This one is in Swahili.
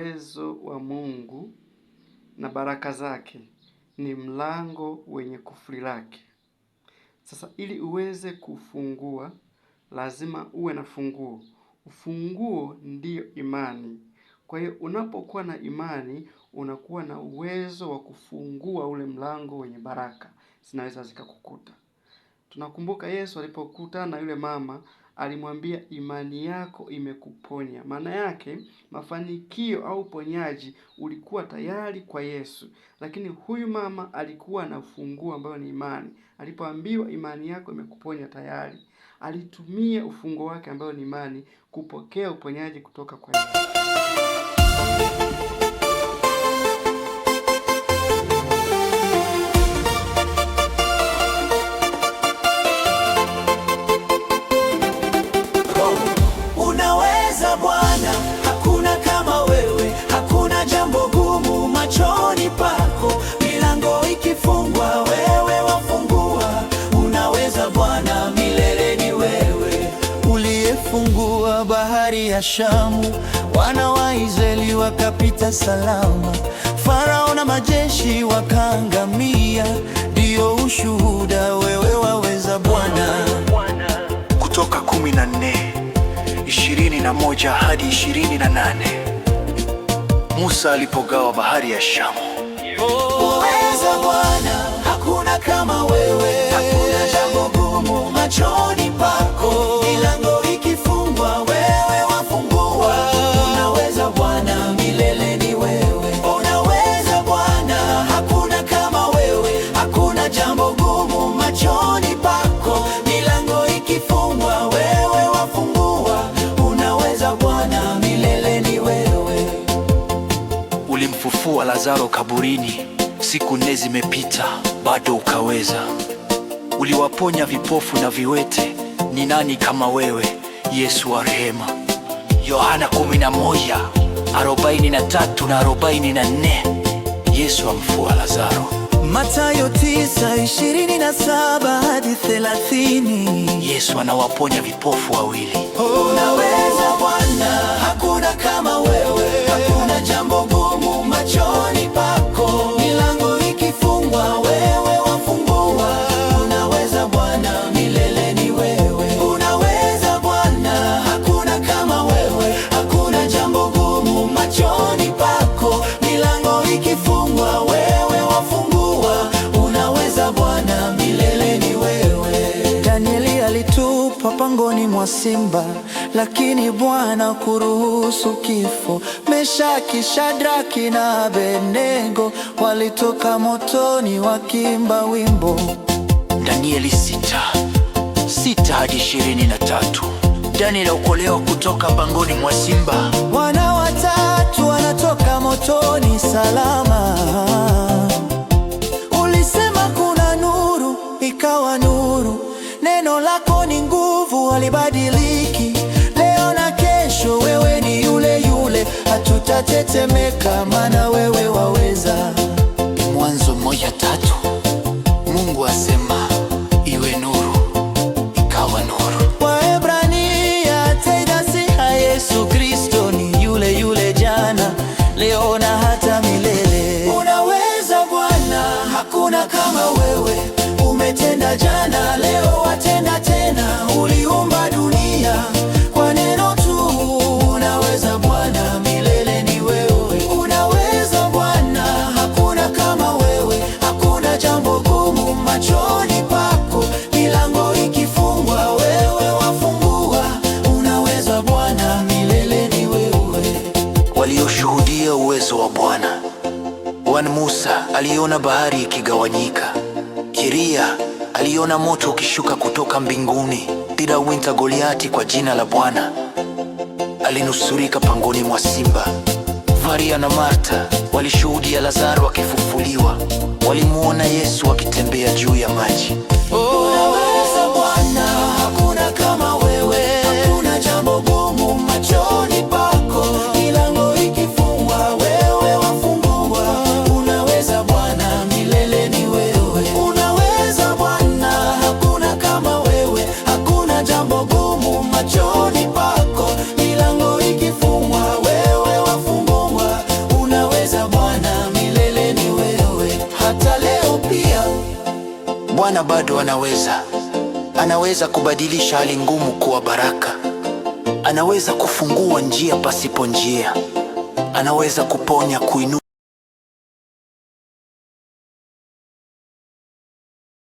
Uwezo wa Mungu na baraka zake ni mlango wenye kufuli lake. Sasa ili uweze kufungua lazima uwe na funguo. Ufunguo ndiyo imani. Kwa hiyo unapokuwa na imani unakuwa na uwezo wa kufungua ule mlango wenye baraka. Zinaweza zikakukuta. Tunakumbuka Yesu alipokutana na yule mama alimwambia imani yako imekuponya. Maana yake mafanikio au uponyaji ulikuwa tayari kwa Yesu, lakini huyu mama alikuwa na ufunguo ambao ni imani. Alipoambiwa imani yako imekuponya tayari, alitumia ufunguo wake ambao ni imani kupokea uponyaji kutoka kwa Yesu. walifungua bahari ya Shamu, wana wa Israeli wakapita salama, Farao na majeshi wakaangamia. Ndiyo ushuhuda, wewe waweza Bwana. Kutoka 14 21 hadi 28. Musa alipogawa bahari ya Shamu. Uweza Bwana, hakuna kama wewe, hakuna jambo gumu machoni pako. Ulimfufua Lazaro kaburini, siku nne zimepita, bado ukaweza. Uliwaponya vipofu na viwete, ni nani kama wewe, Yesu wa rehema? Yohana 11 43 na 44, Yesu amfua Lazaro. Mathayo 9:27 hadi 30, Yesu anawaponya vipofu wawili. Unaweza Bwana, hakuna kama wewe, hakuna jambo miongoni mwa simba, lakini Bwana kuruhusu kifo. Meshaki, Shadraki na Abednego walitoka motoni wakimba wimbo. Danieli sita sita hadi ishirini na tatu. Danieli aokolewa kutoka pangoni mwa simba. Wana watatu wanatoka motoni salama. Ulisema kuna nuru, ikawa nuru. Neno la nitatetemeka, maana wewe waweza. Mwanzo moja tatu, Mungu asema iwe nuru, ikawa nuru. Waebrania tena siha, Yesu Kristo ni yule yule jana, leo na hata milele. Unaweza Bwana, hakuna kama wewe. Musa aliona bahari ikigawanyika. Kiria aliona moto ukishuka kutoka mbinguni dhidi ya Winta Goliati. Kwa jina la Bwana alinusurika pangoni mwa simba. Maria na Marta walishuhudia Lazaro akifufuliwa, walimwona Yesu akitembea juu ya maji. oh! Bwana bado anaweza. Anaweza kubadilisha hali ngumu kuwa baraka. Anaweza kufungua njia pasipo njia. Anaweza kuponya, kuinua